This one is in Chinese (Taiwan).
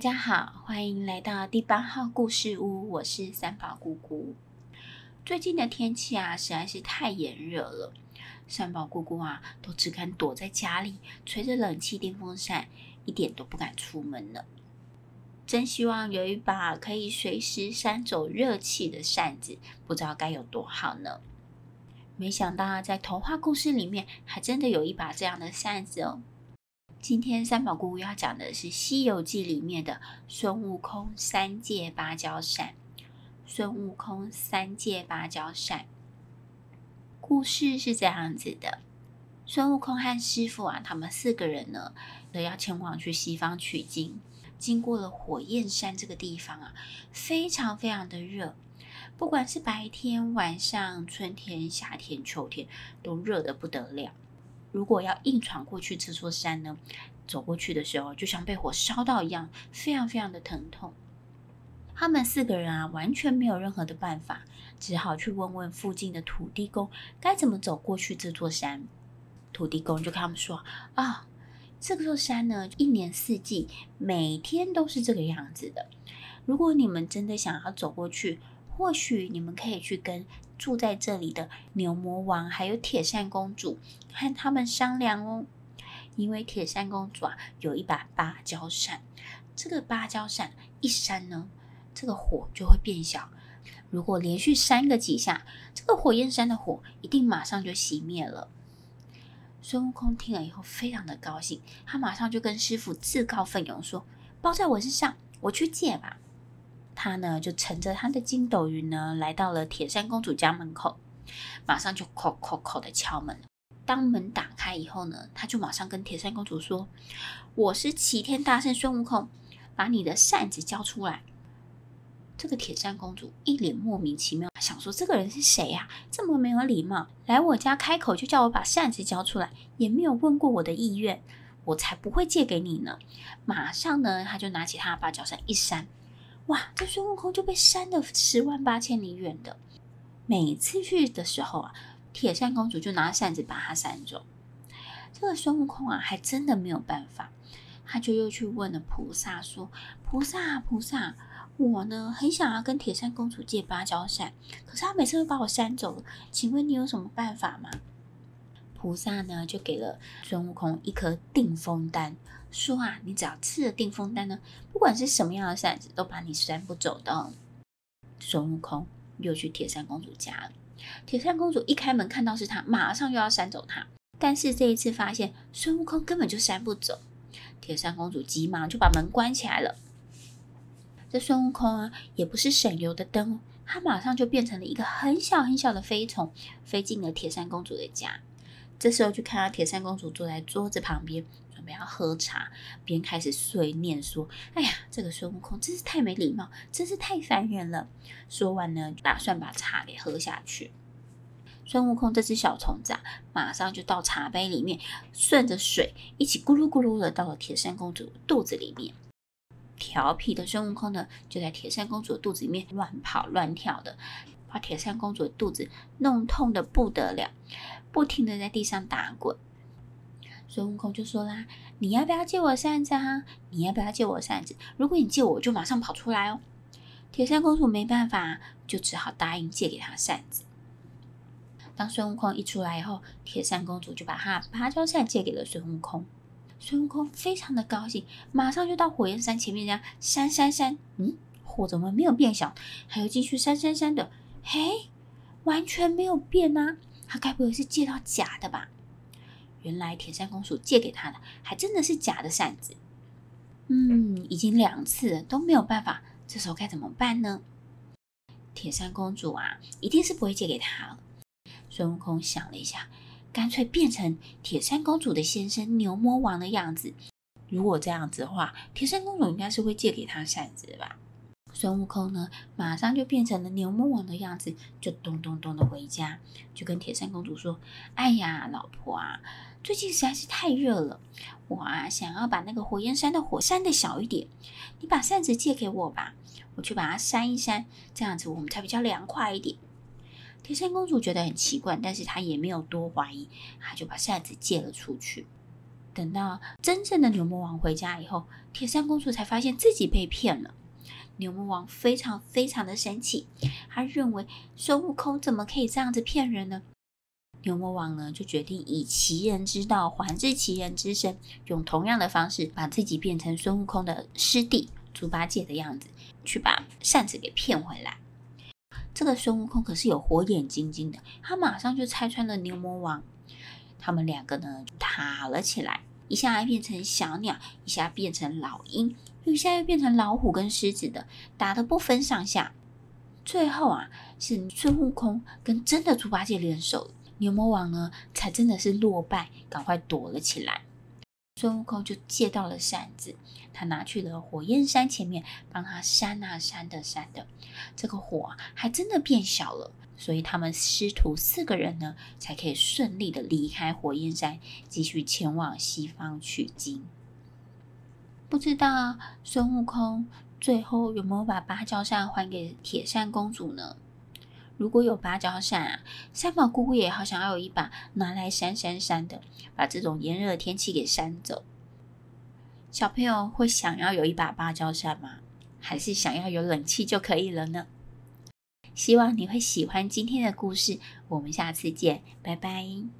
大家好，歡迎來到第八號故事屋。我是三寶姑姑。最近的天氣啊，實在是太炎熱了。三寶姑姑啊，都只敢躲在家裡，吹着冷氣、電風扇，一點都不敢出門了。真希望有一把可以隨時扇走熱氣的扇子，不知道該有多好呢？沒想到在童話故事裡面，還真的有一把這樣的扇子哦。今天三寶姑姑要講的是《西遊記》裡面的孫悟空三借芭蕉扇。孫悟空三借芭蕉扇，故事是這樣子的：孫悟空和師傅啊，他們四個人呢，都要前往去西方取經。經過了火焰山這個地方啊，非常非常的熱，不管是白天、晚上、春天、夏天、秋天，都熱得不得了。如果要硬闖過去這座山呢，走過去的時候就像被火燒到一樣，非常非常的疼痛。他們四個人啊，完全沒有任何的辦法，只好去問問附近的土地公該怎麼走過去這座山。土地公就跟他們說：“啊，這座山呢，一年四季每天都是這個樣子的。如果你們真的想要走過去，”或許你們可以去跟住在這裡的牛魔王，還有鐵扇公主，和他們商量哦。因為鐵扇公主啊，有一把芭蕉扇，這個芭蕉扇一扇呢，這個火就會變小。如果連續扇個幾下，這個火焰山的火一定馬上就熄滅了。孫悟空聽了以後非常的高興，他馬上就跟師傅自告奮勇說：“包在我身上，我去借吧。”他呢，就乘着他的筋斗雲呢，來到了鐵扇公主家門口，馬上就叩叩叩叩的敲門。當門打開以後呢，他就馬上跟鐵扇公主說：“我是齊天大聖孫悟空，把你的扇子交出來。”這個鐵扇公主一臉莫名其妙，想說：“這個人是誰呀？這麼沒有禮貌，來我家開口就叫我把扇子交出來，也沒有問過我的意願，我才不會借給你呢。”馬上呢，他就拿起他的芭蕉扇一扇。哇！這孫悟空就被扇了十萬八千里遠的。每次去的時候啊，鐵扇公主就拿扇子把他扇走。這個孫悟空啊，還真的沒有辦法。他就又去問了菩薩說：“菩薩啊，菩薩啊，我呢很想要跟鐵扇公主借芭蕉扇，可是他每次都把我扇走了。請問你有什麼辦法嗎？”菩薩呢，就給了孫悟空一顆定風丹。說啊，你只要吃了定風丹呢，不管是什麼樣的扇子，都把你扇不走的。孫悟空又去鐵扇公主家了。鐵扇公主一開門看到是他，馬上又要扇走他。但是這一次發現孫悟空根本就扇不走，鐵扇公主急忙就把門關起來了。這孫悟空啊，也不是省油的燈，他馬上就變成了一個很小很小的飛蟲，飛進了鐵扇公主的家。這時候就看到鐵扇公主坐在桌子旁邊。邊喝茶邊開始碎念說：“哎呀，這個孫悟空真是太沒禮貌，真是太煩人了。”說完呢，打算把茶給喝下去。孫悟空這隻小蟲子啊，馬上就到茶杯裡面，順着水一起咕嚕咕嚕的到了鐵扇公主肚子裡面。調皮的孫悟空呢，就在鐵扇公主肚子裡面亂跑亂跳的，把鐵扇公主的肚子弄痛的不得了，不停的在地上打滾。孫悟空就說啦、啊：“你要不要借我扇子啊？你要不要借我扇子？如果你借我，就馬上跑出來哦。”鐵扇公主沒辦法，就只好答應借給他扇子。當孫悟空一出來以後，鐵扇公主就把他芭蕉扇借給了孫悟空。孫悟空非常的高興，馬上就到火焰山前面這樣扇扇扇。嗯，火怎麼沒有變小？還要繼續扇扇扇的。嘿，完全沒有變啊！他該不會是借到假的吧？原來鐵扇公主借給他的還真的是假的扇子，嗯，已經兩次都沒有辦法，這時候該怎麼辦呢？鐵扇公主啊，一定是不會借給他了。孫悟空想了一下，乾脆變成鐵扇公主的先生牛魔王的樣子。如果這樣子的話，鐵扇公主應該是會借給他扇子吧？孫悟空呢，馬上就變成了牛魔王的樣子，就咚咚咚的回家，就跟鐵扇公主說：“哎呀，老婆啊！”最近實在是太熱了，我啊想要把那個火焰山的火扇得小一點，你把扇子借給我吧，我去把它扇一扇，這樣子我們才比較涼快一點。鐵扇公主覺得很奇怪，但是她也沒有多懷疑，她就把扇子借了出去。等到真正的牛魔王回家以後，鐵扇公主才發現自己被騙了。牛魔王非常非常的生氣，他認為孫悟空怎麼可以這樣子騙人呢？牛魔王呢，就決定以其人之道還治其人之身，用同樣的方式把自己變成孫悟空的師弟豬八戒的樣子，去把扇子給騙回來。這個孫悟空可是有火眼金睛的，他馬上就拆穿了牛魔王。他們兩個呢，就打了起來，一下變成小鳥，一下變成老鷹，一下又變成老虎跟獅子的，打得不分上下。最後啊，是孫悟空跟真的豬八戒聯手。牛魔王呢，才真的是落敗，趕快躲了起來。孫悟空就借到了扇子，他拿去了火焰山前面，幫他扇啊扇的扇的，這個火啊還真的變小了。所以他們師徒四個人呢，才可以順利的離開火焰山，繼續前往西方取經。不知道孫悟空最後有沒有把芭蕉扇還給鐵扇公主呢？如果有芭蕉扇啊，三寶姑姑也好想要有一把拿來扇扇扇的，把這種炎熱的天氣給扇走。小朋友會想要有一把芭蕉扇嗎？還是想要有冷氣就可以了呢？希望你會喜歡今天的故事，我們下次見，拜拜。